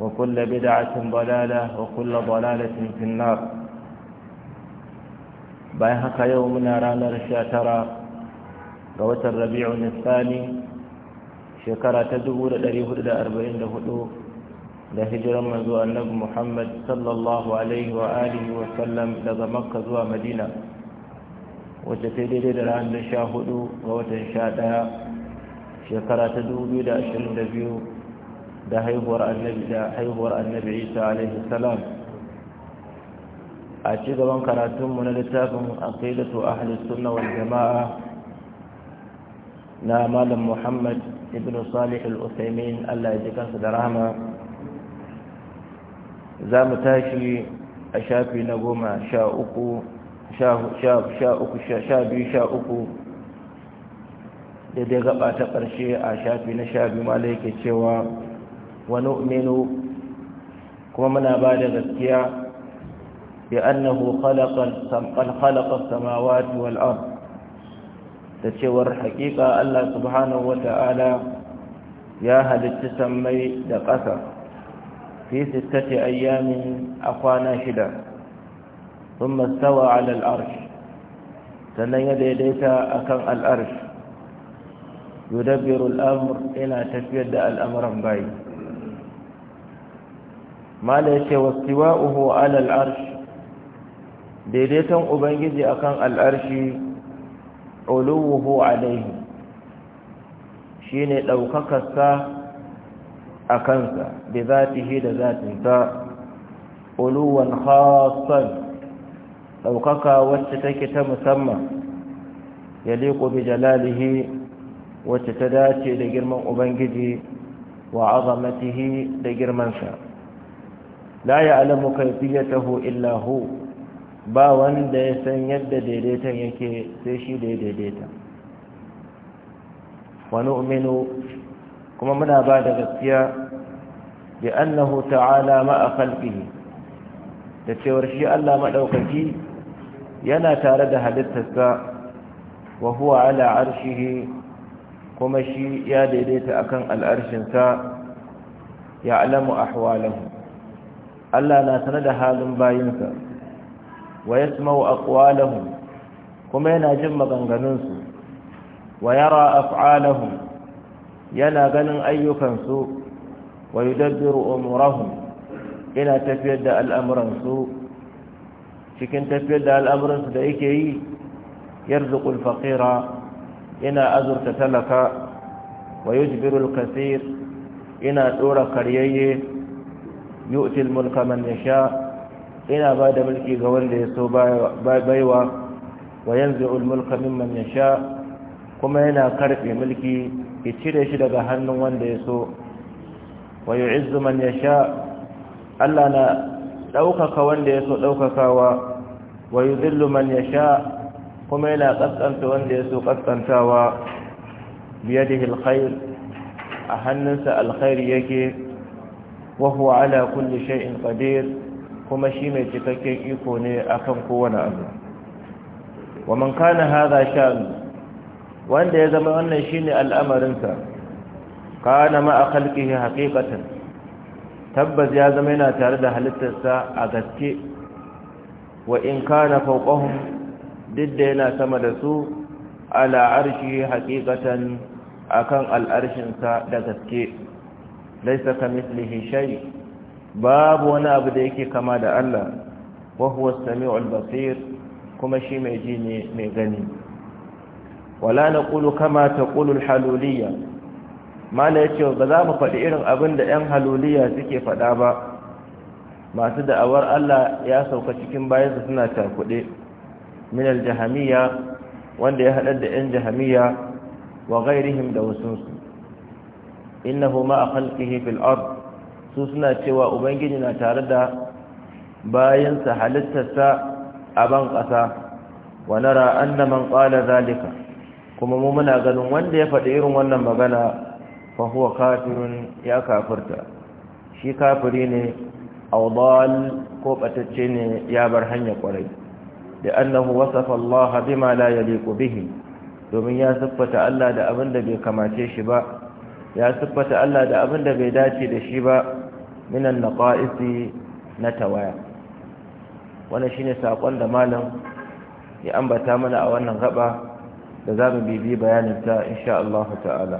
وكل بدعة ضلالة وكل ضلالة في النار بايحق يومنا رانا رشاترا قوة الربيع الثاني شكرا تدور لريه الأربعين لهدو لهجرا منذ النبي محمد صلى الله عليه وآله وسلم لذا مكة ومدينة وتفيد للعام لشاهدو قوة شادها شكرا تدور لأشهر النبي da haihuwar annabi da haihuwar annabi Isa alaihi salam a ci gaban karatunmu na littafin aqidatu ahli sunna wal jama'a na malam Muhammad ibn Salih al usaimin Allah ya ji kansa da rahama za mu tashi a shafi na goma sha uku sha uku sha biyu sha uku dai gaba ta ƙarshe a shafi na sha biyu ma yake cewa wani umenu kuma muna ba da gaskiya bi annahu khalaqas samawati wal ard da cewar haƙiƙa Allah subhanahu wata'ala ya halitta samai da ƙasa fi sittati ayyamin a kwana shida sun mastawa alal arsh sannan ya daidaita a kan arsh yudabbiru al amr ina tafiyar da al'amuran bayi mala yake wasiwa'uhu ala al'arsh daidaiton ubangiji akan al'arshi uluwuhu alaihi shine daukakarsa a kansa bi zatihi da zatinsa uluwan khassan daukaka wacce take ta musamman yaliqu bi jalalihi wacce ta dace da girman ubangiji wa azamatihi da girmansa la ya'lamu kayfiyatahu illa hu ba wanda ya san yadda daidaitan yake sai shi da ya daidaita wa nu'minu kuma muna ba da gaskiya bi annahu ta'ala ma'a khalqihi da cewar shi Allah madaukaki yana tare da halittarsa wa huwa ala arshihi kuma shi ya daidaita akan al'arshinsa ya'lamu ahwalahu Allah na sanar da halin bayinsa wa yasma'u aqwalahum kuma yana jin maganganunsu wa yara af'alahum yana ganin ayyukansu wa yudabbiru umurahum yana tafiyar da al'amuransu cikin tafiyar da al'amuransu da yake yi yarzuqul faqira yana azurta talaka wa yujbiru al-kaseer yana dora karyayye yu'til mulka man yasha ina ba da mulki ga wanda ya so baiwa wa yanzu'ul mulka mimman yasha kuma yana karbe mulki ya cire shi daga hannun wanda ya so wa yu'izzu man yasha Allah na ɗaukaka wanda ya so ɗaukakawa wa yuzillu man yasha kuma yana kaskanta wanda ya so ƙasƙantawa biyadihi alkhair a hannunsa alkhairi yake وهو على كل شيء قدير kuma shi mai cikakken iko ne akan kowane abu wa man kana hadha wanda ya zama wannan shine al'amarinsa kana ma khalqihi haqiqatan tabbas ya zama yana tare da halittarsa a gaske wa in kana fawqahum duk da yana sama da su ala arshihi haqiqatan akan al'arshinsa da gaske laisa kamithlihi shay babu wani abu da yake kama da Allah wa huwa as-sami'ul basir kuma shi mai ji ne mai gani wala naqulu kama taqulu al-haluliyya mala yace ba za mu faɗi irin abin da ƴan haluliyya suke faɗa ba masu da'awar Allah ya sauka cikin bayansa suna takuɗe min al-jahamiyya wanda ya haɗar da ƴan jahamiyya wa ghairihim da wasunsu innahu ma'a khalqihi fil ard su suna cewa ubangiji na tare da bayansa halittarsa a ban ƙasa wa nara anna man qala zalika kuma mu muna ganin wanda ya faɗi irin wannan magana fa huwa kafirun ya kafirta shi kafiri ne aw ko batacce ne ya bar hanya kwarai da annahu wasafa Allah bima la yaliqu bihi domin ya siffata Allah da abin da bai kamace shi ba ya siffata Allah da abin da bai dace da shi ba minan na ƙwa'isi na tawaya wani shi saƙon da malam ya ambata mana a wannan gaba da za mu bibi bayaninta insha Allah ta'ala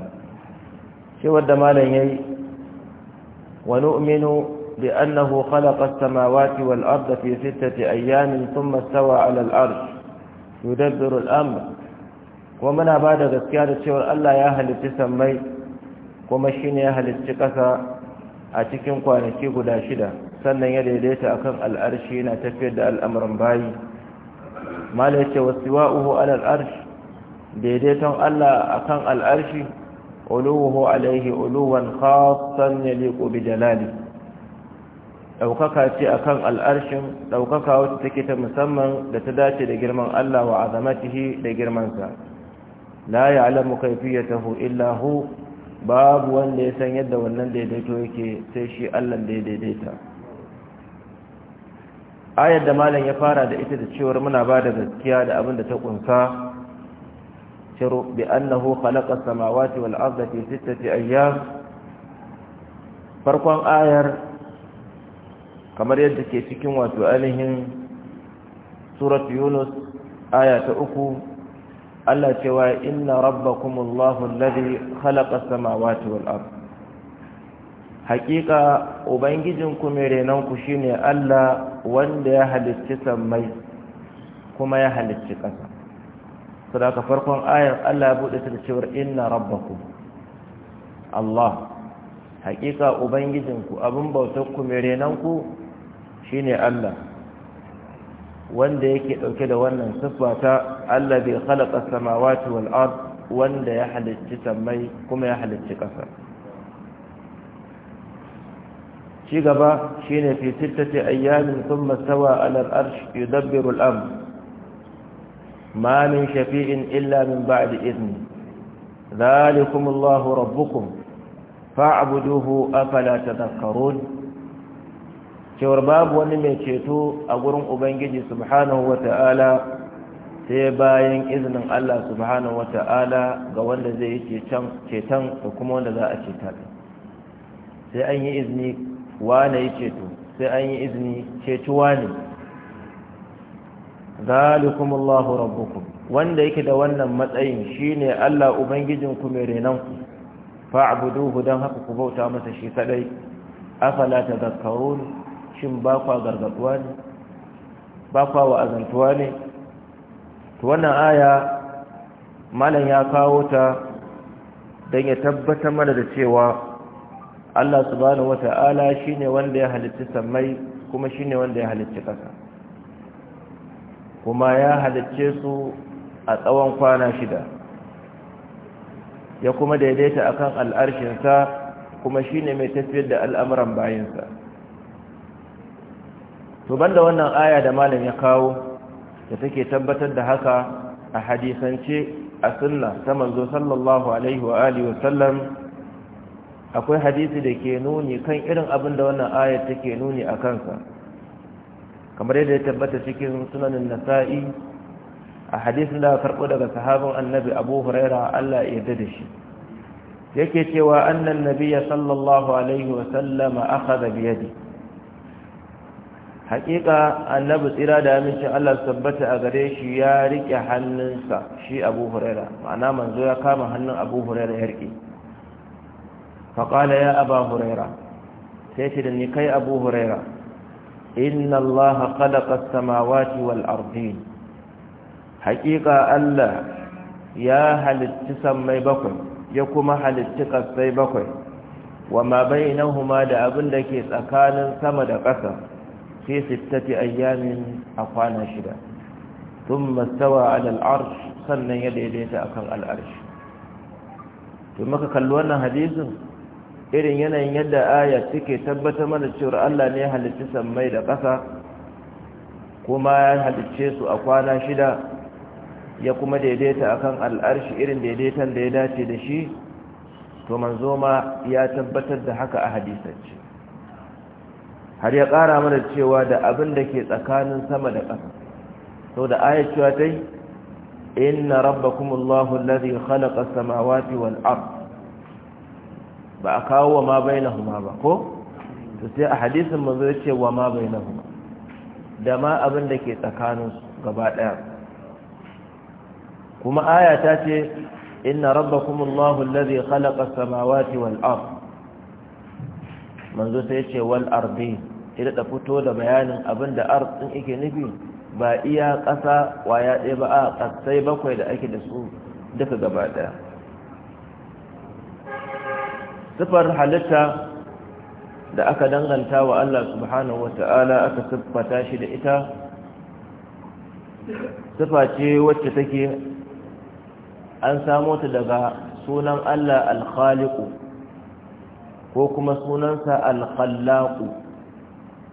cewar da malam ya yi wani uminu da annahu khalaƙar samawati wal'ar da fi sittati ayyamin sun masawa alal'ar yudabbirul'am kuma muna bada gaskiya da cewar Allah ya halitti sammai kuma shi ne ya halicci ƙasa a cikin kwanaki guda shida sannan ya daidaita a kan al'arshi yana tafiyar da al'amuran bayi mala ce wasu wa'uhu al'arshi daidaiton Allah a kan al'arshi uluwuhu alaihi uluwan khasan ya liƙo bi jalali ɗaukaka ce a kan al'arshin ɗaukaka wata take ta musamman da ta dace da girman Allah wa azamatihi da girmansa la ya alamu kaifiyatahu illa hu babu wanda ya san yadda wannan daidaito yake sai shi allah da ya daidaita ayar da malam ya fara da ita da cewar muna ba da gaskiya da abin da ta kunsa shiru bi annahu khalaqa samawati wal arda fi sittati ayyam farkon ayar kamar yadda ke cikin wato ainihin surat yunus aya ta uku Allah cewa inna rabbakumullahu alladhi khalaqa as-samawati wal ard hakika ubangijinku mai renonku shine Allah wanda ya halicci sammai kuma ya halicci ƙasa saboda farkon ayar Allah ya bude ta da cewa inna rabbakum Allah ubangijin ku, abin bautar ku mai renonku shine Allah wanda yake dauke da wannan siffa ta bai khalaqa samawati wal ard wanda ya halicci sammai kuma ya halicci ƙasa ci gaba shine fi sittati ayyamin thumma stawa ala al-arsh yudabbiru al-amr ma min shafi'in illa min ba'di idni dhalikum Allahu rabbukum fa'buduhu afala tadhakkarun cewar babu wani mai ceto a gurin ubangiji subhanahu wata'ala sai bayan izinin Allah subhanahu wata'ala ga wanda zai yi ceton da kuma wanda za a ceta sai an yi izini wane yi ceto sai an yi izini ceto wane zalikum Allahu rabbukum wanda yake da wannan matsayin shine Allah ubangijinku mai renanku fa'buduhu dan haka ku bauta masa shi kadai afala tadhakkarun shin ba kwa gargaduwa ne ba kwa wa'azantuwa ne to wannan aya malam ya kawo ta don ya tabbatar mana da cewa Allah subhanahu wata'ala shine wanda ya halitta samai, kuma shine wanda ya halitta ƙasa kuma ya halicce su a tsawon kwana shida ya kuma daidaita akan al'arshinsa kuma shine mai tafiyar da al'amuran bayansa to banda wannan aya da malam ya kawo da take tabbatar da haka a hadisance a sunna ta manzo sallallahu alaihi wa alihi wa sallam akwai hadisi da ke nuni kan irin abin da wannan aya take nuni a kansa kamar yadda ya tabbata cikin sunanin nasa'i a hadisin da karɓo daga sahabin annabi abu huraira allah ya da shi yake cewa annan nabiya sallallahu alaihi wa sallama akhadha bi yadihi haƙiƙa annabi tsira da amincin Allah tabbata a gare shi ya riƙe hannunsa shi abu huraira ma'ana manzo ya kama hannun abu huraira ya riƙe faƙala ya aba huraira sai shi da ni kai abu huraira inna Allah khalaqa samawati wal ardin haƙiƙa Allah ya halitti sammai bakwai ya kuma halitti ƙasai bakwai wa ma bainahuma da abin da ke tsakanin sama da ƙasa fi sittati ayyamin a kwana shida tun mastawa alal arsh sannan ya daidaita akan al'arsh to maka kalli wannan hadisin irin yanayin yadda aya take tabbatar mana cewa Allah ne ya halicci sammai da ƙasa kuma ya halicce su a kwana shida ya kuma daidaita akan al'arshi irin daidaitan da ya dace da shi to manzoma ya tabbatar da haka a hadisance har ya ƙara mana cewa da abin da ke tsakanin sama da ƙasa sau da ayat cewa ta yi inna rabbakumullahu alladhi khalaqa as-samawati wal ard ba a kawo wa ma bainahuma ba ko to sai a hadisin manzo ya ce wa ma bainahuma da ma abin da ke tsakanin su gaba daya kuma aya ta ce inna rabbakumullahu alladhi khalaqa as-samawati wal ard manzo sai ya ce wal ardin ya da fito da bayanin abin da arz din yake nufi ba iya ƙasa waya ɗaya ba a ƙasai bakwai da ake da su duka gaba ɗaya sifar halitta da aka danganta wa Allah subhanahu wata'ala aka siffata shi da ita sifa ce wacce take an samo ta daga sunan Allah al ko kuma sunansa al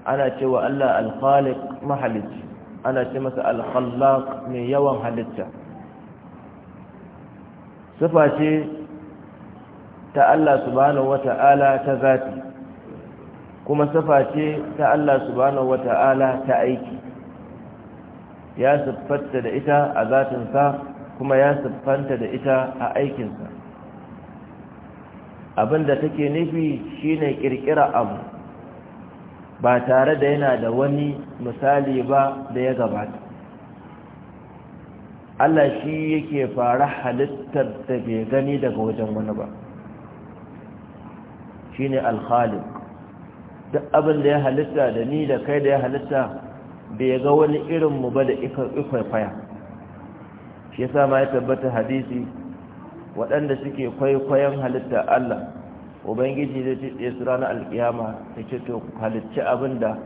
ana cewa Allah al-khaliq ana ce masa al-khallaq mai yawan halitta sifa ce ta Allah subhanahu wata'ala ta zati kuma sifa ce ta Allah subhanahu wata'ala ta aiki ya siffanta da ita a zatinsa kuma ya siffanta da ita a aikinsa abinda take nufi shine kirkira abu ba tare da yana da wani misali ba da ya gabata Allah shi yake fara halittar da bai gani daga wajen wani ba shi ne alkhalik duk abin da ya halitta da ni da kai da ya halitta bai ga wani irinmu ba da ikwaifaya shi yasa ma ya tabbata hadisi waɗanda suke kwaikwayon halitta Allah ubangiji zai ce su ranar alkiyama ta ce to ku halicci abin da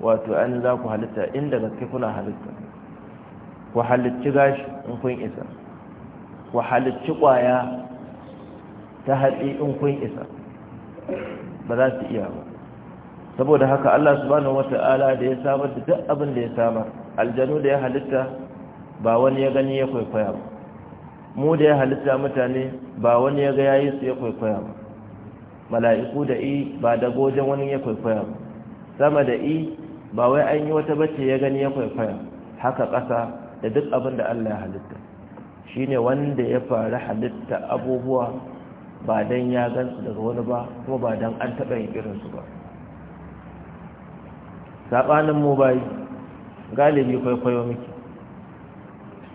wato an za ku halitta inda gaske kuna halitta ku halicci gashi in kun isa ku halicci kwaya ta haɗi in kun isa ba za su iya ba saboda haka Allah subhanahu wata'ala da ya samar da duk abin da ya samar aljanu da ya halitta ba wani ya gani ya kwaikwaya ba mu da ya halitta mutane ba wani ya ga yayi su ya kwaikwaya ba mala'iku da i ba da wajen wani ya kwaikwaya sama da i ba wai an yi wata bacce ya gani ya kwaikwaya haka ƙasa da duk abin da Allah ya halitta shi ne wanda ya faru halitta abubuwa ba don ya gansu daga wani ba kuma ba don an taɓa yin irinsu ba saɓanin mu bayi galibi kwaikwayo miki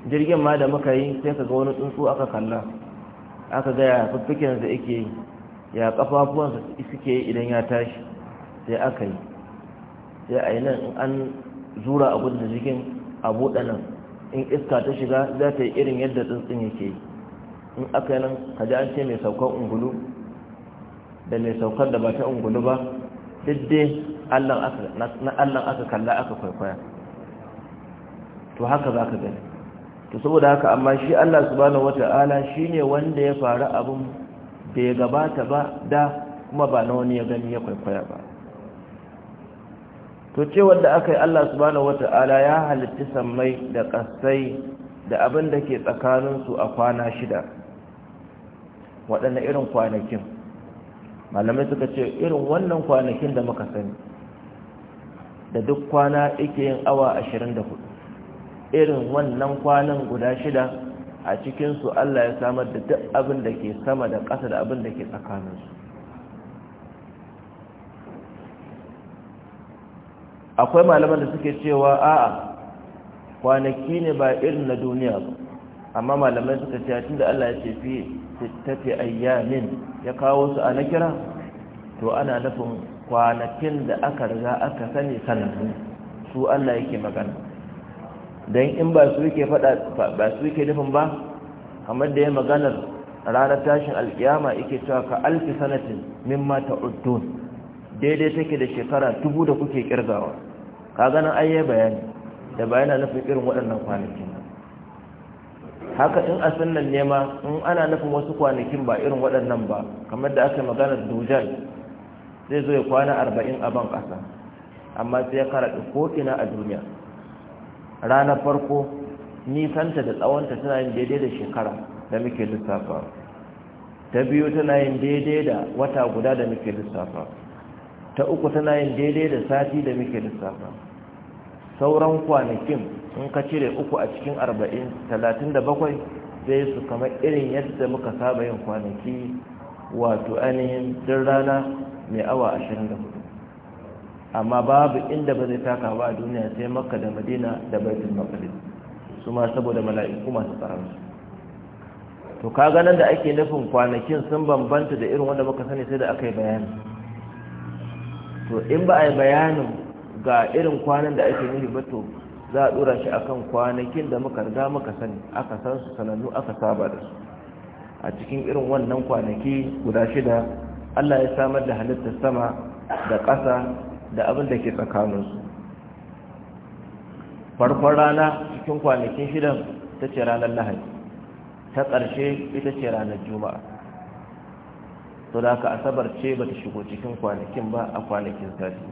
jirgin ma da muka yi sai ka ga wani tsuntsu aka kalla aka gaya da ake yi ya kafafuwansa suke idan ya tashi sai aka yi sai a yi nan in an zura abin da jikin a buɗe nan in iska ta shiga za ta yi irin yadda tsuntsun yake yi in aka yi nan kaji an ce mai saukar ungulu da mai saukar da ba ta ungulu ba duk dai na allan aka kalla aka kwaikwaya to haka za ka gani to saboda haka amma shi allah subhanahu wata'ala ne wanda ya faru abin bai gabata ba da kuma ba na wani ya gani ya kwaikwaya ba to cewar da aka yi Allah subhanahu wata'ala ya halitta sammai da kasai da abin da ke tsakaninsu a kwana shida waɗanda irin kwanakin malamai suka ce irin wannan kwanakin da muka sani da duk kwana ike yin awa ashirin da hudu irin wannan kwanan guda shida a cikinsu Allah ya samar da duk abin da ke sama da ƙasa da abin da ke tsakaninsu akwai malaman da suke cewa a'a kwanaki ne ba irin na duniya ba amma malamai suka ce tun da Allah ya ce fi tattafi ayyamin ya kawo su a na kira to ana nufin kwanakin da aka riga aka sani sanannu su Allah yake magana don in ba su yake fada ba su yake nufin ba kamar da ya maganar ranar tashin alkiyama yake cewa ka alfi sanatin mimma uddun daidai take da shekara dubu da kuke kirgawa ka ganin ayye bayani da bayana nufin irin waɗannan kwanakin haka in a sannan nema in ana nufin wasu kwanakin ba irin waɗannan ba kamar da aka maganar dujal zai zo ya kwana arba'in a ban ƙasa amma sai ya karaɗi ko'ina a duniya ranar farko nisanta da tsawonta tana yin daidai da shekara da muke lissafa ta biyu tana yin daidai da wata guda da muke lissafa ta uku tana yin daidai da sati da muke lissafa sauran kwanakin in ka cire uku a cikin arba'in talatin da bakwai zai su kama irin yadda muka saba yin kwanaki wato ainihin din rana mai awa ashirin da amma babu inda ba zai taka ba a duniya sai makka da madina da baitul maqdis su ma saboda mala'iku masu tsaransu to kaga nan da ake nufin kwanakin sun bambanta da irin wanda muka sani sai da aka yi bayani to in ba a yi bayanin ga irin kwanan da ake nufi ba to za a dora shi akan kwanakin da muka riga muka sani aka san su sanannu aka saba da su a cikin irin wannan kwanaki guda shida Allah ya samar da halittar sama da ƙasa da abin da ke tsakaninsu farkon rana cikin kwanakin shidan ta ce ranar lahadi ta ƙarshe ita ce ranar juma'a to da aka asabar ce ba ta shigo cikin kwanakin ba a kwanakin sati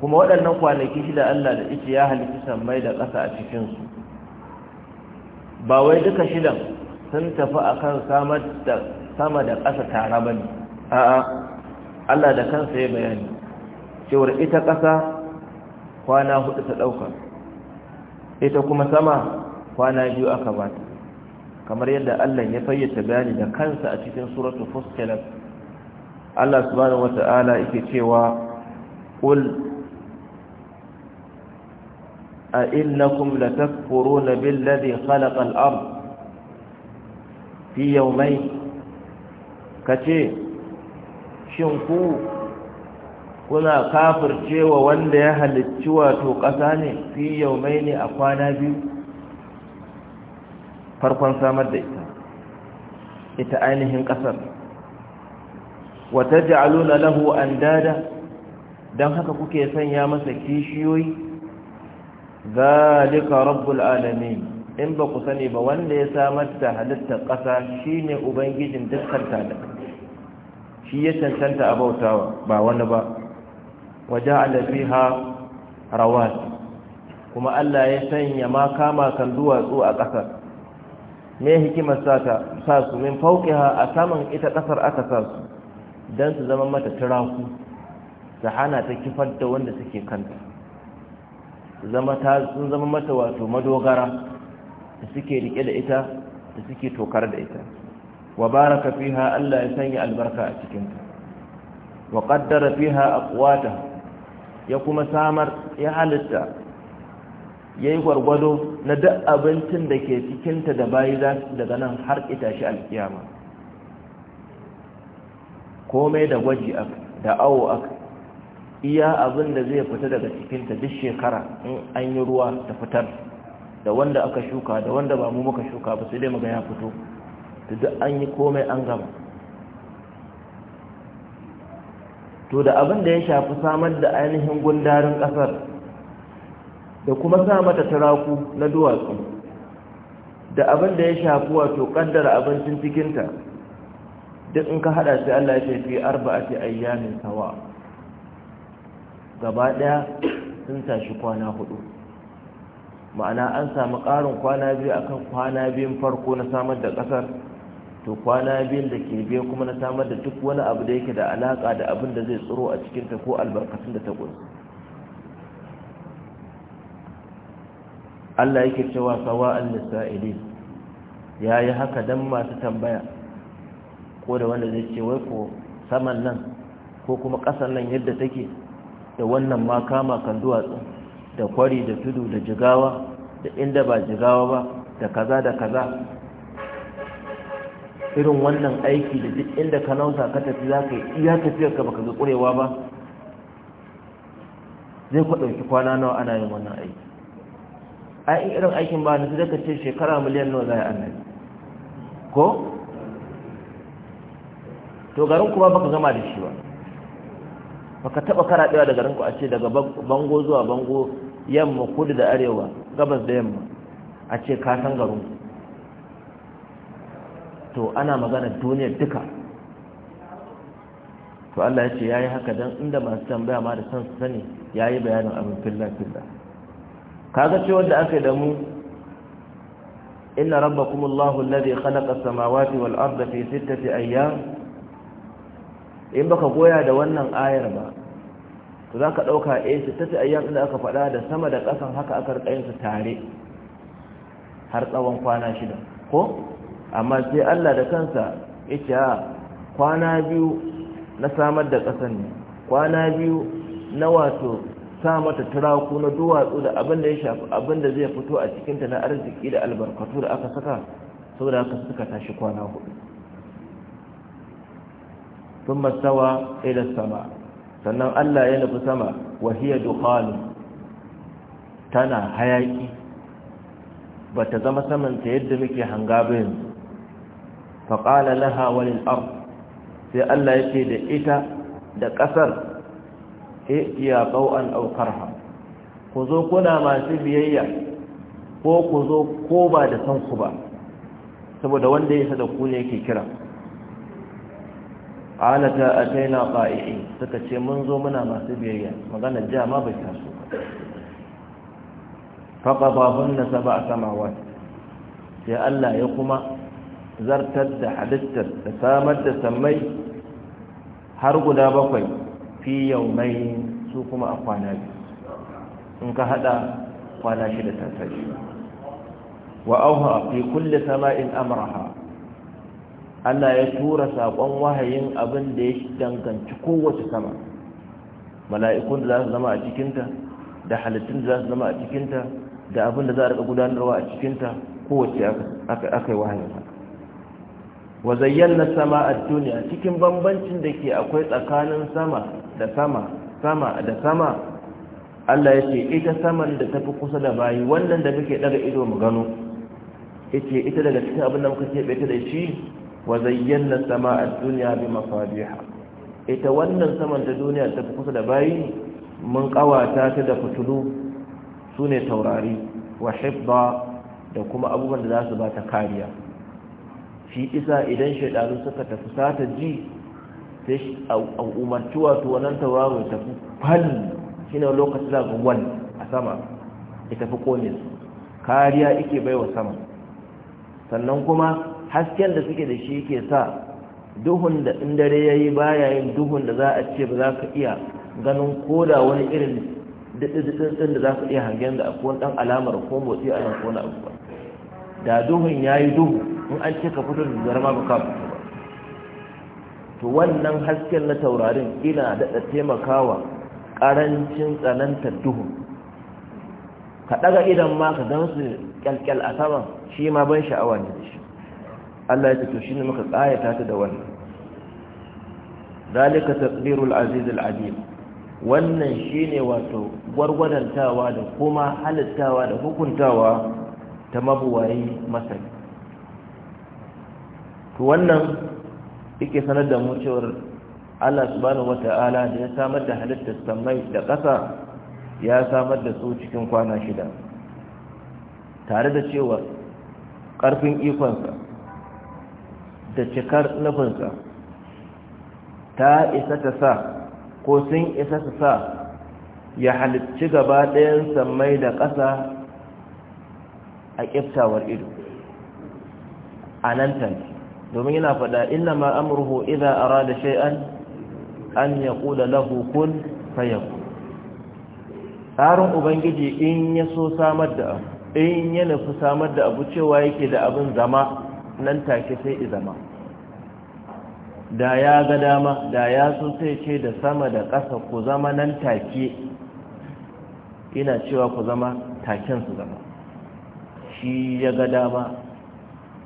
kuma waɗannan kwanakin shida allah da ita ya halittu sammai da ƙasa a cikinsu ba wai duka shidan sun tafi akan sama da ƙasa tare ba ne a'a Allah da kansa ya bayani cewar ita ƙasa kwana hudu ta ɗauka ita kuma sama kwana biyu aka bata kamar yadda Allah ya fayyace bayani da kansa a cikin suratu fussilat Allah subhanahu wata'ala yake cewa qul a innakum latakfuruna billadhi khalaqa ard fi yawmayn kace shin ku kuna kafircewa wanda ya halicci wato ƙasa ne fi yaumai ne a kwana biyu farkon samar da ita ita ainihin ƙasar wata na lahu an dada don haka kuke sanya masa kishiyoyi zalika rabbul alami in ba ku sani ba wanda ya samar da halittar ƙasa shine ubangijin dukkan talaka shi ya cancanta a bautawa ba wani ba waje ha rawat kuma Allah ya sanya ma kama kan duwatsu a ƙasar me hikimar sa su min ha a saman ita ƙasar aka sa su don su zama mata turaku da hana ta kifar da wanda suke kanta zama sun zama mata wato madogara da suke rike da ita da suke tokar da ita wa baraka fiha Allah ya sanya albarka a ta wa qaddara fiha aqwata ya kuma samar ya halitta yayi gwargwado na duk abincin da ke cikinta da bayi za daga nan har ita shi alkiyama komai da gwaji ak da awo ak iya abin da zai fita daga cikinta duk shekara in an yi ruwa ta fitar da wanda aka shuka da wanda ba mu muka shuka ba sai dai muga ya fito da duk an yi komai an gama to da abin da ya shafi samar da ainihin gundarin ƙasar da kuma sa mata taraku na duwatsu da abin da ya shafi wato ƙaddara abincin cikinta duk in ka haɗa sai Allah ya ce fi arba'ati ayyamin sawa gaba ɗaya sun tashi kwana hudu ma'ana an samu ƙarin kwana biyu akan kwana biyun farko na samar da ƙasar to kwana biyun da ke biya kuma na samar da duk wani abu da yake da alaƙa da abin da zai tsoro a cikinta ko albarkatun da ta ƙunsa Allah yake cewa sawa'an lisa'ili ya yi haka don masu tambaya ko da wanda zai ce wai ko saman nan ko kuma ƙasar nan yadda take da wannan ma kama kan duwatsu da kwari da tudu da jigawa da inda ba jigawa ba da kaza da kaza irin wannan aiki da duk inda ka nausa ka tafi za ka yi iya tafiyar ka baka ga ƙurewa ba zai kwaɗo ɗauki kwana nawa ana yin wannan aiki a in irin aikin ba na su daga ce shekara miliyan nawa za a annabi ko to garin kuma baka gama da shi ba baka taɓa ɗaya da garin ku a ce daga bango zuwa bango yamma kudu da arewa gabas da yamma a ce ka san garin ku to ana magana duniyar duka to Allah ya ce yayi haka dan inda masu tambaya ma da san su sani yayi bayanin abin filla filla kaga cewa da aka yi da mu inna rabbakumullahu alladhi khalaqa as-samawati wal arda fi sittati ayyam in baka goya da wannan ayar ba to za ka ɗauka a yi ta ayyam inda aka faɗa da sama da ƙasan haka aka rikayensu tare har tsawon kwana shida ko amma sai Allah da kansa ya ce ah, kwana biyu na samar da ƙasa ne kwana biyu na wato sa mata turaku na duwatsu da abin ya shafi abin zai fito a cikinta na arziki da albarkatu da aka saka saboda aka suka tashi kwana hudu sun masawa ila sama sannan Allah ya nufi sama wahiyar dukkanu tana hayaki bata ta zama samanta yadda muke hanga bayan faƙala laha walil ard sai Allah yake da ita da ƙasar iya qau'an aw karha ku zo kuna masu biyayya ko ku zo ko ba da san ku ba saboda wanda ya sada ku ne yake kira alata ataina qa'i'in suka ce mun zo muna masu biyayya magana ja ma bai taso faqadahunna sab'a samawat sai Allah ya kuma zartar da halittar da samar da sammai har guda bakwai fi yau mai su kuma a kwana in ka hada kwana shida ta tashi wa auha fi kulle sama'in amraha Allah ya tura saƙon wahayin abin da ya danganci kowace sama mala'ikun da za su zama a cikinta da halittun da za su zama a cikinta da abin da za a rika gudanarwa a cikinta kowace aka yi wahayin haka wa zayyana sama a duniya cikin bambancin da ke akwai tsakanin sama da sama sama da sama Allah ya ce ita saman da tafi kusa da bayi wannan da muke daga ido mu gano yace ita daga cikin abin da muka keɓe ta da shi wa zayyana sama a duniya bi mafadiha ita wannan saman da duniya tafi kusa da bayi mun kawata ta da fitulu sune taurari wa hibba da kuma abubuwan da za su ba ta kariya shi isa idan shaidanu suka tafi sata ji sai umarci wato wannan tauraro tafi fal shi ne lokacin da ga a sama ya tafi kone kariya ike bai wa sama sannan kuma hasken da suke da shi ke sa duhun da in dare ya yi baya yin duhun da za a ce ba za ka iya ganin koda wani irin daɗin da za ka iya hangen da akwai ɗan alamar ko motsi a yankunan abubuwa da duhun ya yi duhu in an ce ka fito da zarma ba ka fito ba to wannan hasken na taurarin ina daɗa taimakawa ƙarancin tsanantar duhu ka ɗaga idan ma ka gan su kyalkyal a sama shi ma ban sha'awa ne da shi Allah ya fito shi ne muka ƙayata ta da wannan zalika taqdirul aziz al wannan shine wato gwargwadantawa da kuma halittawa da hukuntawa ta mabuwayi masani to wannan yake sanar da mu cewar Allah subhanahu wata'ala da ya samar da halittar samai da ƙasa ya samar da su cikin kwana shida tare da cewa ƙarfin ikonsa da cikar nufinsa ta isa ta sa ko sun isa ta sa ya halicci gaba ɗayan samai da ƙasa a ƙiftawar ido a nan tanki domin yana faɗa inna ma amruhu idza arada shay'an an yaqula lahu kun fayakun tsarin ubangiji in ya so samar da in ya nufi samar da abu cewa yake da abin zama nan take sai i da ya ga dama da ya so sai ce da sama da ƙasa ku zama nan take ina cewa ku zama taken su zama shi ya ga dama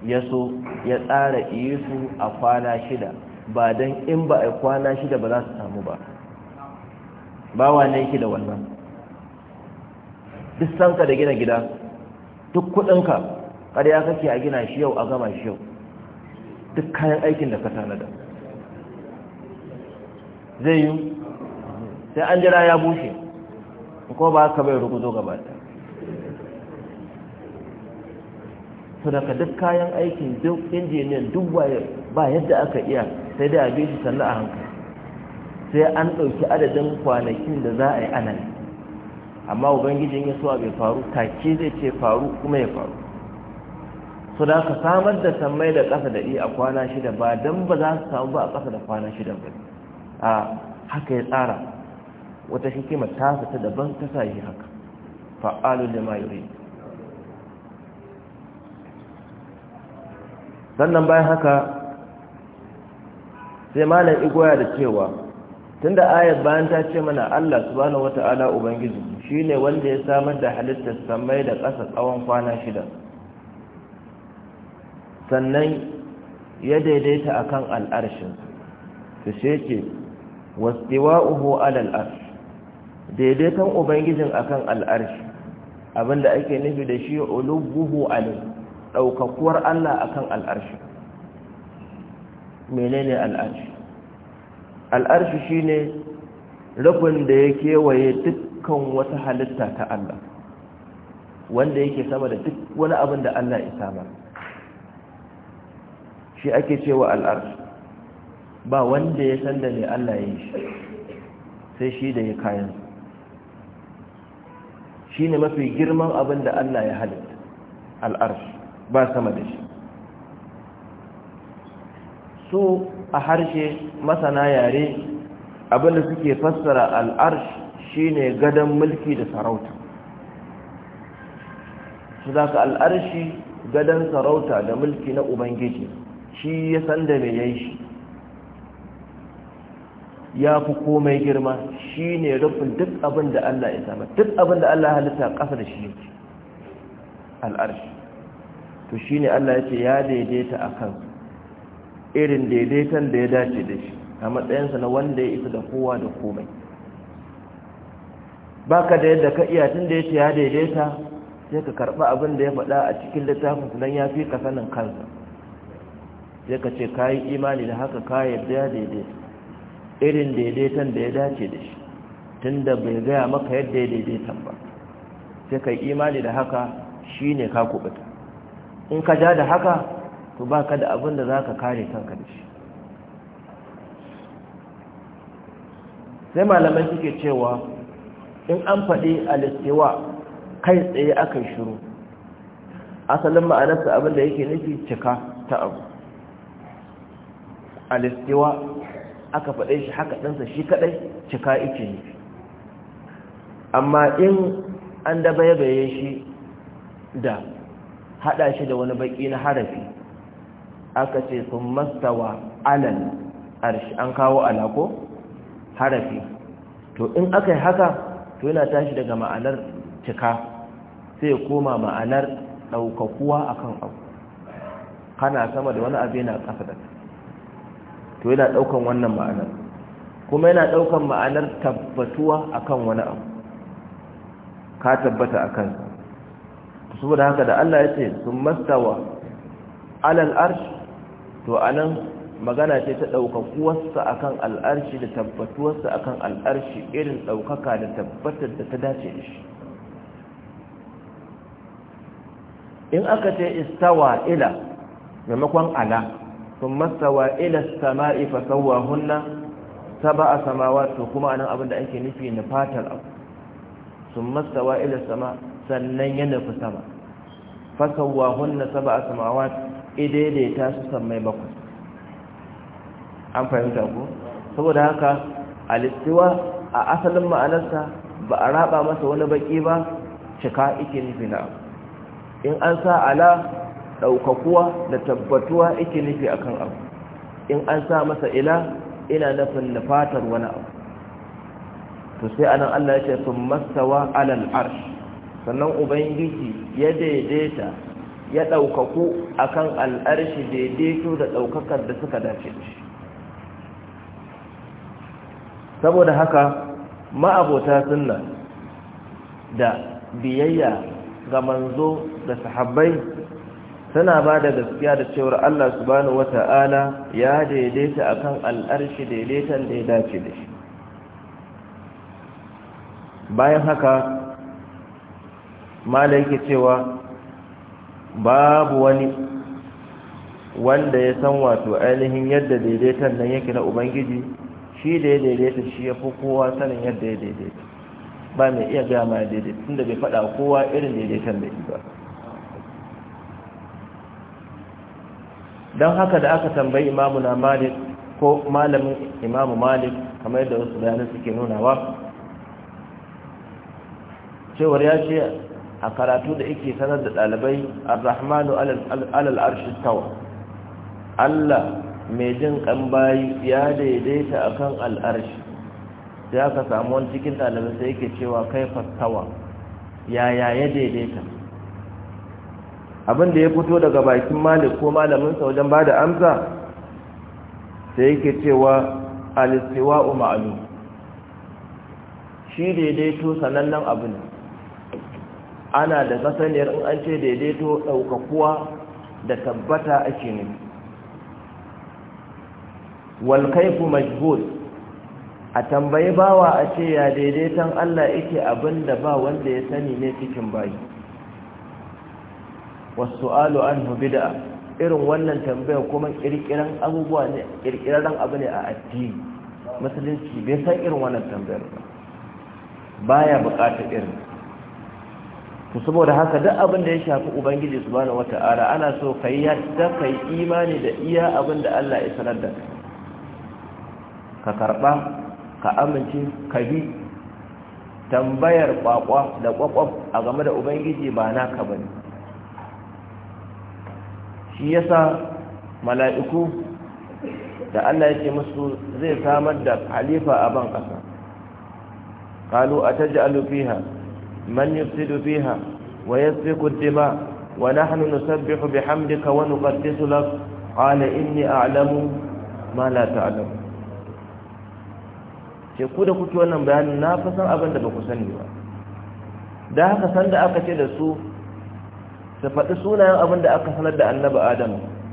ya so ya tsara isu a kwana shida ba don in ba a kwana shida ba za su samu ba ba wane yake da wannan duk da gina gida duk kudinka ƙarya kake a gina shi yau a gama shi yau duk kayan aikin da ka tanada zai yi sai an jira ya bushe ko ba ka bai rukuzo gabata su daga duk kayan aikin duk injiniyan duk wayar ba yadda aka iya sai da a shi sannu a hankali sai an ɗauki adadin kwanakin da za a yi anan amma ubangijin ya suwa bai faru take zai ce faru kuma ya faru su da ka samar da sammai da ƙasa da iya a kwana shida ba don ba za su samu ba a kasa da kwana shida ba a haka ya tsara wata hikima ta fita daban ta sa yi haka fa'alu da ma yuri sannan bayan haka sai malam igoya da cewa tunda ayat bayan ta ce mana Allah subhanahu wata'ala ubangiji shine wanda ya samar da halittar samai da ƙasa tsawon kwana shida sannan ya daidaita akan al'arshin su ce ce wastiwa'uhu alal daidaitan ubangijin akan al'arshi abinda ake nufi da shi ulubuhu alai ɗaukakuwar Allah a kan al'arshi menene al'arshi al'arshi ne rufin da ya kewaye dukkan wata halitta ta Allah wanda yake sama da duk wani abin da Allah ya sama. shi ake cewa al'arshi ba wanda ya san da ne Allah ya yi shi sai shi da ya kayan shi ne mafi girman abin da Allah ya halitta al'arshi ba sama da shi su a harshe masana yare abinda suke fassara al'arsh shine gadon mulki da sarauta su za ka al'arshi gadon sarauta da mulki na ubangiji shi ya san da mai yai shi ya fi komai girma shi ne rufin duk abin da Allah ya sama duk abin da Allah halitta ƙasa da shi yake al'arshi to shi ne Allah ya ce ya daidaita a kan irin daidaitan da ya dace da shi a matsayinsa na wanda ya isa da kowa da komai baka da yadda ka iya tun da ya ce ya daidaita sai ka karɓi abin da ya faɗa a cikin littafin sunan ya fi ka sanin kansa sai ka ce ka yi imani da haka ka yarda ya daidaita irin daidaitan da ya dace da shi tun da bai gaya maka yadda ya daidaitan ba sai ka yi imani da haka shi ne ka kuɓuta in ka ja da haka to ba ka da abin da za ka kare kanka da shi sai malamai suke cewa in an faɗi alistewa kai tsaye yi shiru asalin ma'anarsa abin da yake nufi cika ta abu alistewa aka faɗe shi haka ɗansa shi kaɗai cika ike ne amma in an dabaye shi da hada shi da wani baki na harafi aka ce sun mastawa alal arshi an kawo alako harafi to in aka yi haka to yana tashi daga ma'anar cika sai koma ma'anar ɗaukakuwa akan abu kana sama da wani abu yana kasa da to yana ɗaukan wannan ma'anar kuma yana ɗaukan ma'anar tabbatuwa akan wani abu ka tabbata akan saboda haka da Allah ya ce sun mastawa alal arsh to anan magana ce ta ɗaukakuwarsa a kan al'arshi da tabbatuwarsa a kan al'arshi irin ɗaukaka da tabbatar da ta dace da shi in aka ce istawa ila maimakon ala sun mastawa ila sama'i fasawa hunna ta ba a samawa to kuma anan abin da ake nufi na fatar abu sun mastawa ila sama'i sannan ya nufi sama fasawa hunna saba a samawat idaidaita su sammai bakwai an fahimta ku saboda haka alistiwa a asalin ma'anarsa ba a raba masa wani baki ba cika ikin nufi na abu in an sa ala ɗaukakuwa da tabbatuwa ikin nufi akan abu in an sa masa ila ina nufin nufatar wani abu to sai anan Allah ya ce sun masawa alal arsh sannan ubangiji ya daidaita ya ɗaukaku akan al'arshi daidaito da ɗaukakar da suka dace da shi saboda haka ma'abota sunna da biyayya ga manzo da sahabbai suna ba da gaskiya da cewar Allah subhanahu wata'ala ya daidaita akan al'arshi daidaitan da ya dace da shi bayan haka mala yake cewa babu wani wanda ya san wato ainihin yadda daidaitan nan yake na ubangiji shi da ya daidaita shi ya fi kowa sanin yadda ya daidaita ba mai iya gaya ma daidaita tunda bai faɗa kowa irin daidaitan da ba don haka da aka tambayi imamu na malik ko malamin imamu malik kamar yadda wasu bayanan suke nunawa cewar ya ce a karatu da yake sanar da ɗalibai arrahmanu alal arshi tawa Allah mai jin kan ya daidaita akan al'arshi sai aka samu wani cikin ɗalibai sai yake cewa kai fastawa yaya ya daidaita Abinda ya fito daga bakin malik ko malaminsa wajen ba da amsa sai yake cewa alistiwa'u ma'alu shi daidaito sanannen abu ne ana da masaniyar in an ce daidaito ɗaukakuwa da tabbata ake ne walkaifu majhul a tambayi bawa a ce ya daidaiton Allah yake abin da ba wanda ya sani ne cikin bayi wasu alu an hubida irin wannan tambayar kuma kirkiran abubuwa ne kirkirarren abu ne a addini musulunci bai san irin wannan tambayar ba ya bukatar irin to saboda haka duk abin da ya shafi ubangiji subhanahu wata'ala ana so ka yadda kai imani da iya abin da Allah ya sanar da ka karba ka amince ka bi tambayar kwakwa da kwakwaf a game da ubangiji ba na ka bane shi yasa mala'iku da Allah yake musu zai samar da khalifa a ban kasa qalu ataj'alu fiha من يفسد فيها ويسفك الدماء ونحن نسبح بحمدك ونقدس لك قال إني أعلم ما لا تعلم teku da kuke wannan bayanin na fasan abin da ba ku sani ba da haka san da aka ce da su su faɗi sunayen abin da aka sanar da annaba adam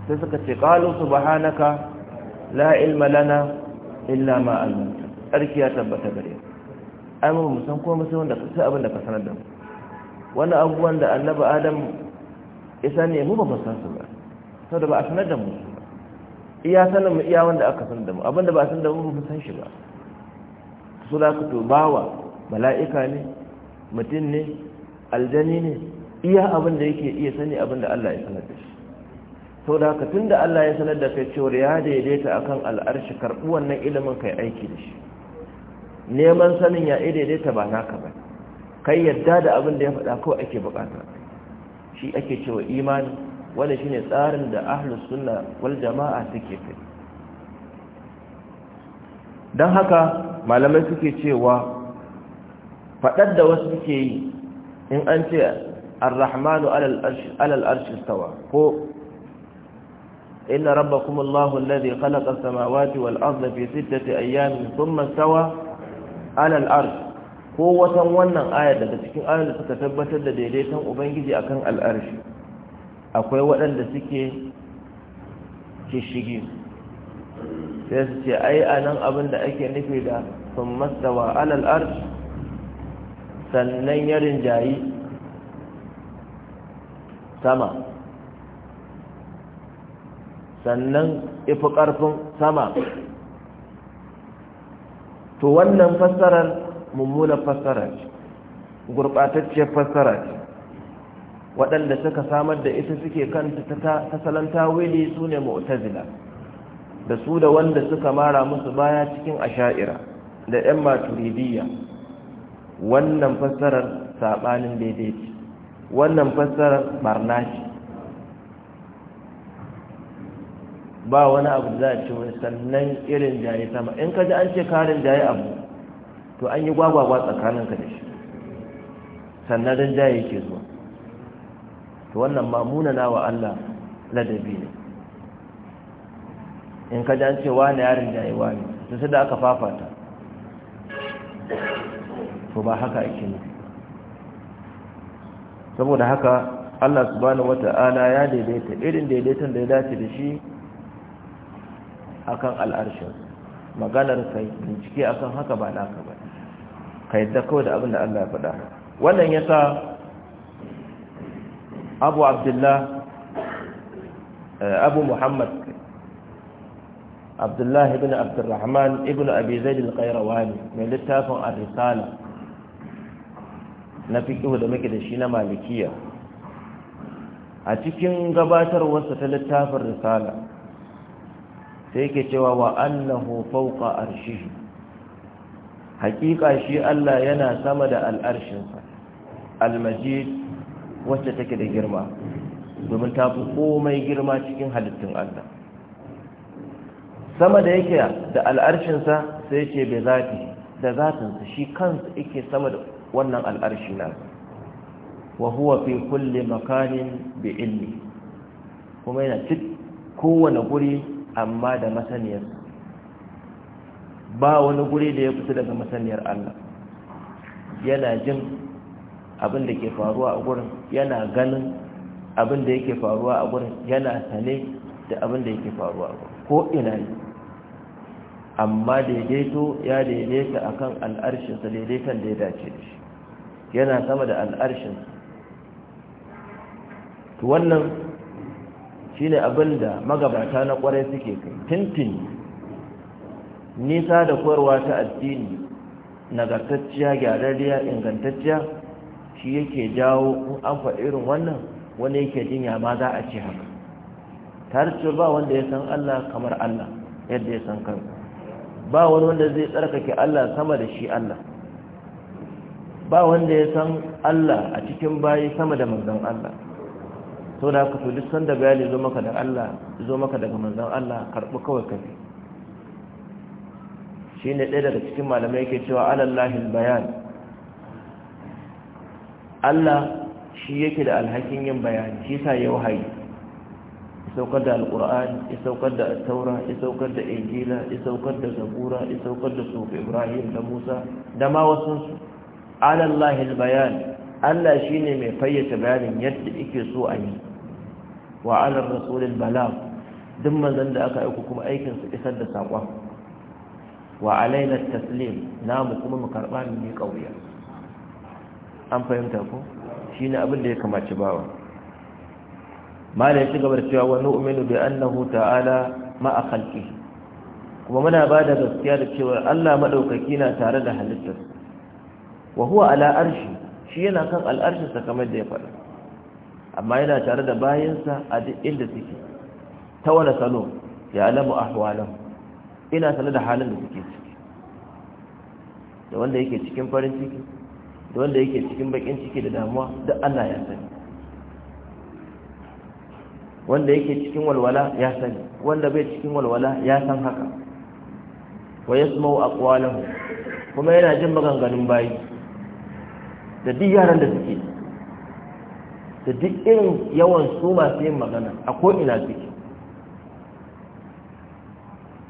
sai suka ce ƙalo su bahanaka la ilma lana illa ma ƙarfi ya tabbata gare ai mu mu san wanda sai abin da ka sanar da mu abubuwan da annabi adam ya sani mu ba mu san su ba Sau da ba a sanar da mu iya sanar mu iya wanda aka sanar da mu abinda ba a sanar da mu ba mu san shi ba su da kuto bawa mala'ika ne mutum ne aljani ne iya abin da yake iya sani abin da Allah ya sanar da shi sau da haka tun da Allah ya sanar da kai cewar ya daidaita akan al'arshi karɓi wannan ilimin kai aiki da shi neman sanin ya daidaita ba naka ba kai yadda da abin da ya faɗa ko ake bukata shi ake cewa imani wanda shine tsarin da ahlus sunna wal jama'a suke kai don haka malamai suke cewa faɗar da wasu suke yi in an ce arrahmanu alal arshi stawa ko inna rabbakum allahu alladhi khalaqa as-samawati wal arda fi sittati ayyamin thumma stawa alal arsh ko watan wannan ayar daga cikin ayar da suka tabbatar da daidaiton ubangiji akan al'arshi akwai waɗanda suke kishigi sai su ce ai a nan abin da ake nufi da sun mastawa alal arsh sannan ya rinjayi sama sannan ifi ƙarfin sama to wannan fassarar mummunan fassara ce gurɓatacciyar fassara waɗanda suka samar da ita suke kanta ta salanta wili su ne mu'tazila da su da wanda suka mara musu baya cikin asha'ira da 'yan maturidiyya wannan fassarar saɓanin daidai wannan fassarar barna ce ba wani abu za a ce wani sannan irin jaye sama in ka ji an ce karin jaye abu to an yi gwagwagwa tsakaninka da shi sannan don jaye ke zuwa to wannan mamuna na wa Allah ladabi ne in ka ji an ce wani yarin jaye wani su su da aka fafata to ba haka ake ne saboda haka Allah subhanahu wata'ala ya daidaita irin daidaitan da ya dace da shi akan al'arshin maganar kai bincike akan haka ba naka ba ka yadda kawai da abin da Allah ya faɗa wannan yasa Abu Abdullah eh, Abu Muhammad abdullahi ibn Abdurrahman ibn Abi Zaid al-Qayrawani mai littafin Ar-Risala na fiqh da muke da shi na Malikiya a cikin gabatarwarsa ta littafin Risala sai yake cewa wa annahu fawqa arshihi haƙiƙa shi Allah yana sama da al majid wacce take da girma domin ta fi komai girma cikin halittun Allah sama da yake da sa sai ce bai zafi da sa shi kansa yake sama da wannan al'arshi na wa huwa fi kulli makanin bi ilmi kuma yana cikin kowane guri amma da masaniyar ba wani guri da ya fita daga masaniyar Allah yana jin abin da ke faruwa a gurin yana ganin abin da yake faruwa a gurin yana sane da abin da yake faruwa a gurin ko ina ne amma daidaito ya daidaita akan sa daidaitan da ya dace da shi yana sama da al'arshin wannan shine abin da magabata na kwarai suke kai tintin nisa da koyarwa ta addini nagartacciya gyararriya ingantacciya shi yake jawo in an faɗi irin wannan wani yake jinya ma za a ce haka tarci ba wanda ya san Allah kamar Allah yadda ya san kansa ba wani wanda zai tsarkake Allah sama da shi Allah ba wanda ya san Allah a cikin bayi sama da manzon Allah sau da haka to duk sanda bayani zo maka da Allah zo maka daga manzan Allah karɓi kawai kafi shi ne ɗaya daga cikin malamai yake cewa alallahin bayan Allah shi yake da alhakin yin bayani shi sa ya wahayi isaukar da alƙur'an saukar da taura saukar da injila saukar da zabura saukar da sufi ibrahim da musa da ma wasu alallahin bayan Allah shi ne mai fayyace bayanin yadda ike so a yi wa alar rasulun balam duk mazan da aka aiko kuma aikinsu isar da saƙon wa alainar taslim namu kuma mu karɓa mu yi ƙauya an fahimta ko shi ne abin da ya kamaci bawa da ya ci gabar cewa wani umenu an annahu ta'ala ala ma'akalki kuma muna ba da gaskiya da cewa Allah maɗaukaki na tare da halittar wa huwa ala arshi shi yana kan al'arshinsa kamar da ya faɗa amma yana tare da bayansa a duk inda suke ta wani salo ya alamu halin ina sanar da halin da suke ciki da wanda yake cikin farin ciki da wanda yake cikin bakin ciki da damuwa duk Allah ya sani wanda yake cikin walwala ya sani wanda bai cikin walwala ya san haka wa yasma'u aqwalahum kuma yana jin maganganun bayi da duk yaran da suke da duk irin yawan su masu yin magana a ko'ina suke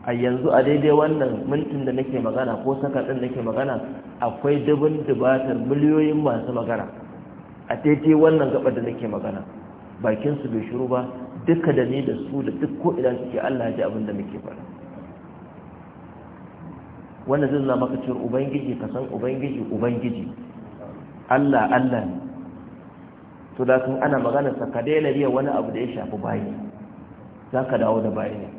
a yanzu a daidai wannan mintin da nake magana ko sakaɗin nake magana akwai dubin dubatar miliyoyin masu magana a daidai wannan gaba da nake magana bakin su bai shiru ba duka da ni da su da duk ko idan suke Allah ji abin da muke fara wannan zai zama maka cewa ubangiji ka san ubangiji ubangiji Allah Allah ne to da kun ana magana sa ka daina biya wani abu da ya shafi bayi za ka dawo da bayi ne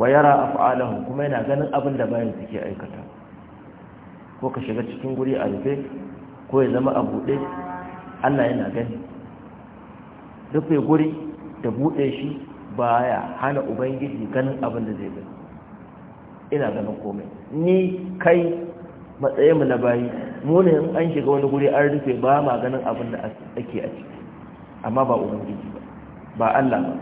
wa yara af'alahu kuma yana ganin abin da bayin suke aikata ko ka shiga cikin guri a rufe ko ya zama a buɗe Allah yana gani rufe guri da buɗe shi baya hana ubangiji ganin abin da zai gani ina ganin komai ni kai matsayin mu na bayi mu ne in an shiga wani guri an rufe ba ma ganin abin da ake a ciki amma ba ubangiji ba ba Allah ba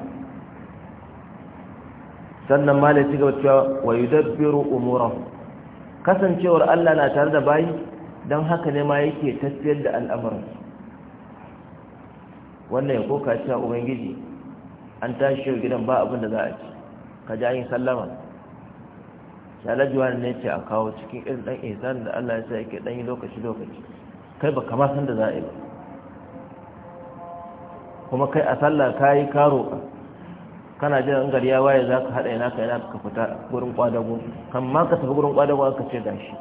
sannan malai ci gaba cewa wa yudabbiru umurahu kasancewar Allah na tare da bayi don haka ne ma yake tafiyar da al'amuran wannan ya koka cewa ubangiji an tashi gidan ba abin da za a ci ka ji an yi sallama shalaji wani ne ce a kawo cikin irin ɗan ihsan da Allah ya sa yake ɗan yi lokaci-lokaci kai ba kama san da za a yi ba kuma kai a sallah ka yi karo ka kana jin gari ya waye za ka haɗa yana ka yana ka fita gurin kwadago kan ma ka tafi gurin kwadago aka ce gashi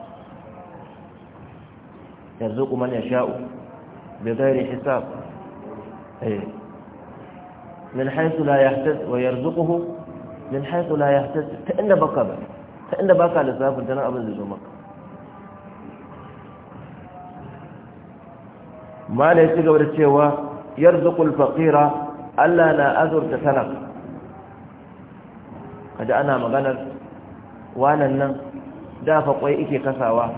yanzu kuma ya sha'u bai gairi hisab eh. min haisu la yahtas wa yarzuquhu min haisu la yahtas ta inda baka ba ta inda ba ka lissafin ta abin da zo maka ma ya ci gaba da cewa yarzuqul faqira Allah na azurta talaka Kada ana maganar wanan nan da kwai yake kasawa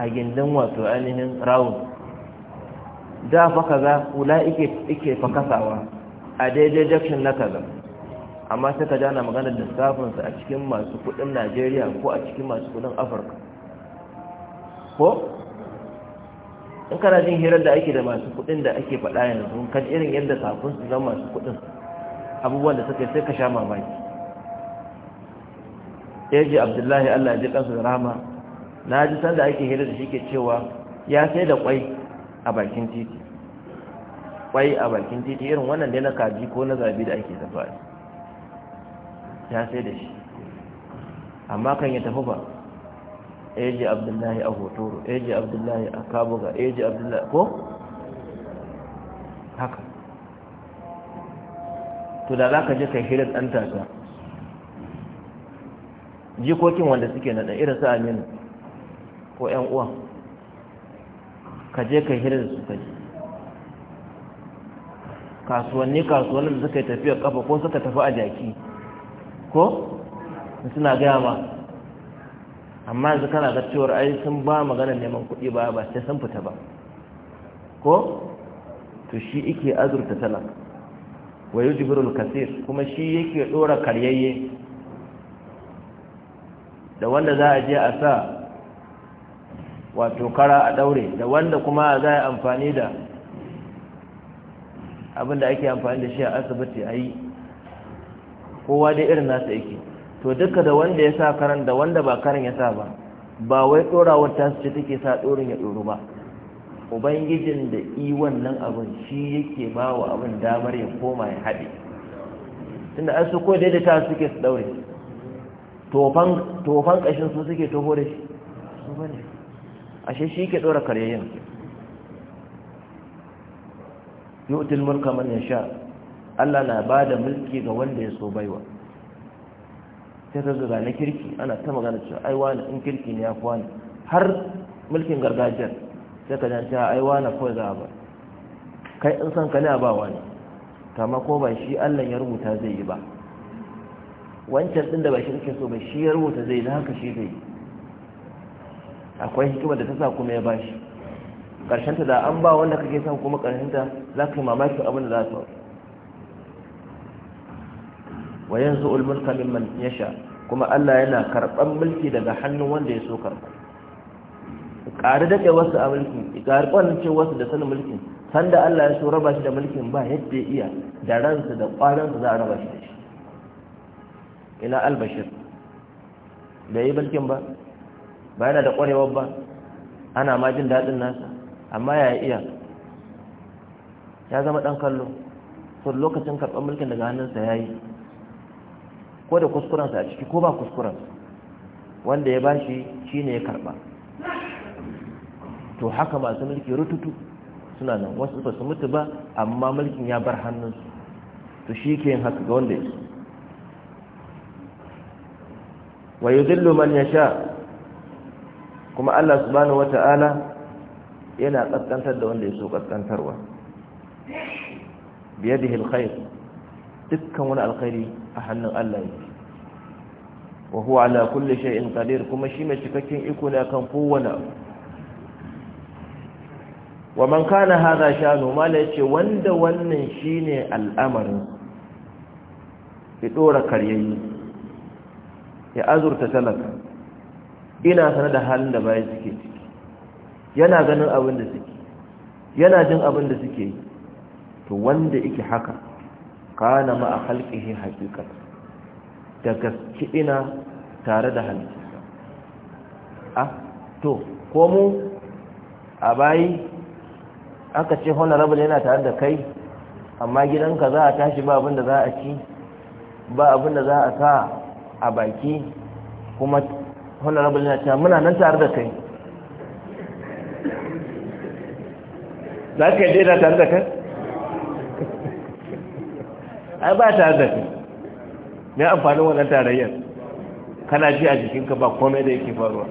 a gindin wato ainihin rawun da fa kaza kula yake fa kasawa a daidai jakshin na kaza amma sai ka jana maganar lissafinsa a cikin masu kudin najeriya ko a cikin masu kudin afirka ko in kana jin hirar da ake da masu kudin da ake faɗa yanzu kan irin yadda kafin su zama masu kudin abubuwan da suka sai ka sha mamaki Eji abdullahi allah ji kansu da rama na ji sanda ake hirar da shi ke cewa ya sai da kwai a bakin titi kwai a bakin titi irin wannan ne na kaji ko na zabi da ake tafiya ya sai da shi amma kan ya tafi ba eji abdullahi a hotoro eji abdullahi a kabuga eji abdullahi ko haka to da za ka je kai hirar ɗan tata jikokin wanda suke na irin su aminu ko 'yan uwa ka je kai hirar su kai kasuwanni kasuwannin da suka yi tafiya kafa ko suka tafi a jaki ko suna gaya ma amma yanzu kana ga cewar ai sun ba maganar neman kuɗi ba ba sai sun fita ba ko to shi yake azurta talak wa al kasir kuma shi yake ɗora karyayye da wanda za a je a sa wato kara a daure da wanda kuma za a amfani da abinda ake amfani da shi a asibiti a yi kowa dai irin nasa yake to duka da wanda ya sa karan da wanda ba karan ya sa ba ba wai dorawar ta ce take sa dorin ya doro ba ubangijin da i wannan abin shi yake ba wa abin damar ya koma ya haɗe tunda an su ko daidaita suke su daure tofan ƙashin su suke toho da shi su ashe shi ke ɗora karyayyen yutul mulka man yasha Allah na ba da mulki ga wanda ya so baiwa sai ta zuga na kirki ana ta magana cewa ai wani in kirki ne ya kwana, har mulkin gargajiyar sai ka jan cewa ai wani kawai za a ba kai in san ka ne a ba wani kama ko ba shi Allah ya rubuta zai yi ba wancan ɗin da ba shi nake so ba shi ya rubuta zai yi da haka shi zai yi akwai hikima da ta sa kuma ya bashi ta da an ba wanda kake son kuma ta za ka yi mamakin abin da za ta wani wa yanzu ulmulka mimman yasha kuma Allah yana karban mulki daga hannun wanda ya so karba ƙari daɗe wasu a mulki ƙari ce wasu da sanin mulkin sanda Allah ya so raba shi da mulkin ba yadda ya iya da ransa da ƙwaransa za a raba shi da shi ina albashir da yi mulkin ba ba yana da ƙwarewar ba ana ma jin daɗin nasa amma ya iya ya zama ɗan kallo so lokacin karɓar mulkin daga hannunsa ya yi ko da kuskurensa a ciki ko ba kuskurensa wanda ya bashi shine ya karba to haka masu mulki rututu suna nan wasu ba su mutu ba amma mulkin ya bar hannunsu to shi ke yin haka ga wanda ya wa yudillu man yasha kuma Allah subhanahu wata'ala yana kaskantar da wanda ya so kaskantarwa biyadihi alkhair dukkan wani alkhairi a hannun Allah ne wa huwa ala kulli shay'in qadir kuma shi mai cikakken iko ne akan kowanne abu wa man kana hadha shanu mala yace wanda wannan shine al'amarin Ki dora karyayi ya azurta talaka ina sana da halin da bayan suke ciki yana ganin abin da suke yana jin abin da suke yi to wanda yake haka kana ma a halƙihi haƙiƙata daga kiɗina tare da halittarsa a to ko mu a bayi aka ce honorable yana tare da kai amma gidanka za a tashi ba abin da za a ci ba abin da za a sa a baki kuma honorable yana cewa muna nan tare da kai za ka yi daidata tare da kai ai ba tare da kai ne amfanin wannan tarayyar kana ji a jikinka ba komai da yake faruwa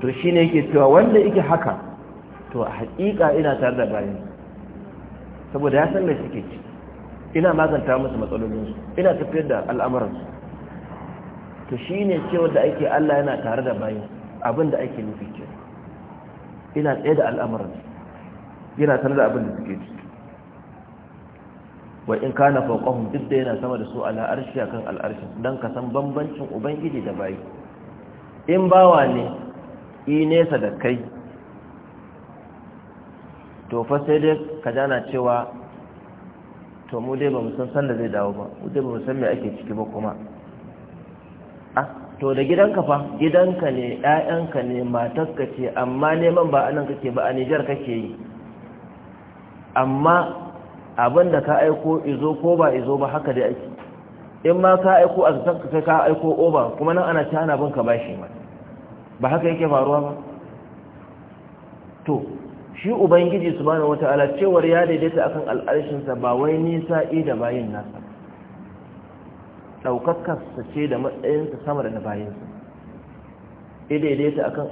to shi ne yake cewa wanda yake haka to a haƙiƙa ina tare da bayan saboda ya san da suke ci ina maganta musu matsalolinsu ina tafiyar da al'amuransu to shi ne cewa da ake Allah yana tare da bayan abin da ake nufi ce ina tsaye da al'amuransu yana tare da abin da suke ci wa in kana fawqahum duk da yana sama da su ala arshi akan al'arshi dan ka san bambancin ubangiji da bayi in bawa ne i nesa da kai to fa sai dai ka jana cewa to mu dai ba mu san sanda zai dawo ba mu dai ba mu san me ake ciki ba kuma ah to da gidanka fa gidanka ne ƴaƴanka ne matarka ce amma neman ba anan kake ba a Niger kake yi amma abin da ka aiko izo ko ba izo ba haka dai ake in ma ka aiko a zaton kai ka aiko oba kuma nan ana cana bin ka bashi ma ba haka yake faruwa ba to shi ubangiji subhanahu wataala cewar ya daidaita akan sa ba wai nisa da bayin nasa ɗaukakarsa ce da matsayinsa sama da bayin sa ya daidaita akan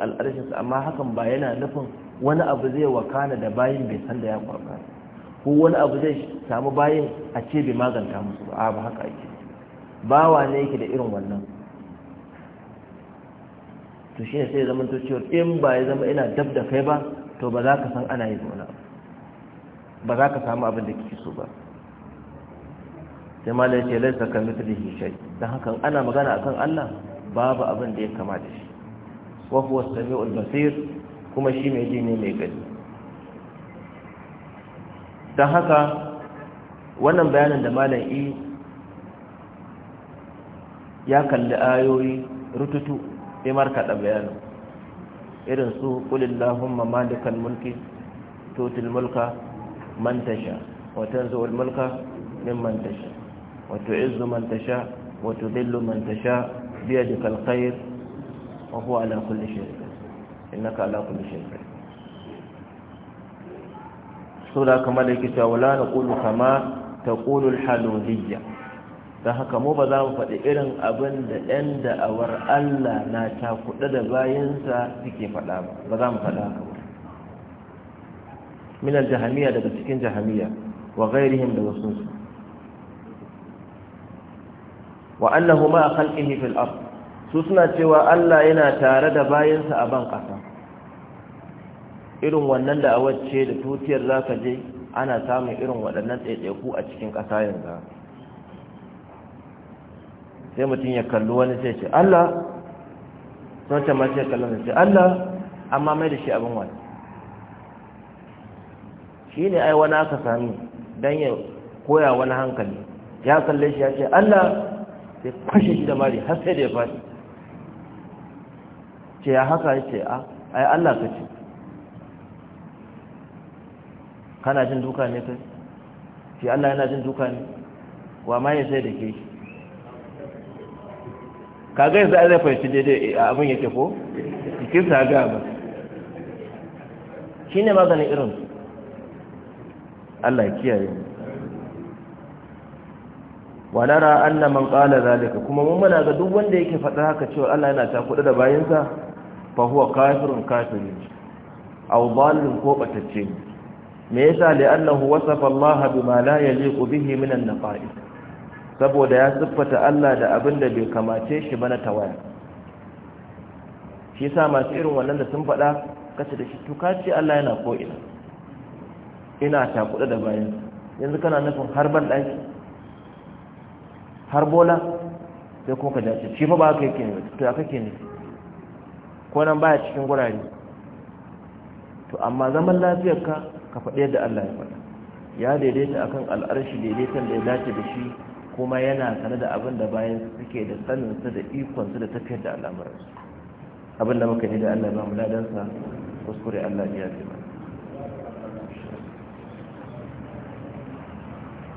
sa amma hakan ba yana nufin wani abu zai wakana da bayin bai san da ya kwarkana ko wani abu zai samu bayan a ce bai maganta musu ba ba haka ake wa ne yake da irin wannan to shi ne sai zama to cewa in ba ya zama ina dab da kai ba to ba za ka san ana yi zauna ba za ka samu abin da kike so ba sai ma da ce laisa ka da hishai don hakan ana magana akan Allah babu abin da ya kamata shi wa huwa sami samiul basir kuma shi mai ji ne mai gani don haka wannan bayanin da malam i e ya kalli ayoyi rututu sai markaɗa bayanin irin su ƙulillahumma kan mulki tutul mulka man tasha yanzu zuwar mulka min tasha wato izu man tasha wato dillu man tasha biya da khair wa huwa ala kulli shay'in innaka ala kulli saboda kamar da yake cewa wala naqulu kama taqulu al-haluliyya dan haka mu ba za mu faɗi irin abin da ɗan da'awar Allah na ta kuɗa da bayansa suke faɗa ba ba za mu faɗa haka ba min al-jahmiya daga cikin jahmiya wa ghairihim da wasu su wa annahu ma khalqihi fil ard su suna cewa Allah yana tare da bayansa a ban ƙasa irin wannan da awacce da tutiyar za ka je ana samun irin waɗannan tsaitseku a cikin ƙasa yanzu sai mutum ya kallo wani sai ce Allah sun ce mace kallon sai Allah amma mai da shi abin wani shi ne ai wani aka sami don ya koya wani hankali ya kalle shi ya ce Allah sai kwashe shi da mari har sai da ya fashi ce ya haka ya ce ai Allah ka ce kana jin duka ne kai shi Allah yana jin duka ne wa ma ya sai da ke kaga yanzu an zai fahimci daidai eh, abin yake ko jikin sa ga ba ne maganin irin Allah ya kiyaye wa nara anna man qala zalika kuma mun muna ga duk wanda yake faɗa haka cewa Allah yana ta kudu da bayinsa fa huwa kafirun kafirin aw dalil ko batacce ne me yasa li'annahu wasafa Allah bima la yaliqu bihi min an-naqa'is saboda ya siffata Allah da abin da bai kamace shi ba na tawaya shi yasa masu irin wannan da sun faɗa kace da shi to kace Allah yana ko ina ina takuda da bayan yanzu kana nufin har ban daki har bola sai ko ka dace shi fa ba ka yake ne to haka kake ne ko nan baya cikin gurare to amma zaman lafiyar ka. ka faɗi yadda Allah ya faɗa ya daidaita akan al'arshi daidaitan da ya dace da shi kuma yana sane da abin da bayan suke da saninsa da ikonsu da tafiyar da al'amuransu abin da muka yi da Allah ba mu ladansa kuskure Allah ya zama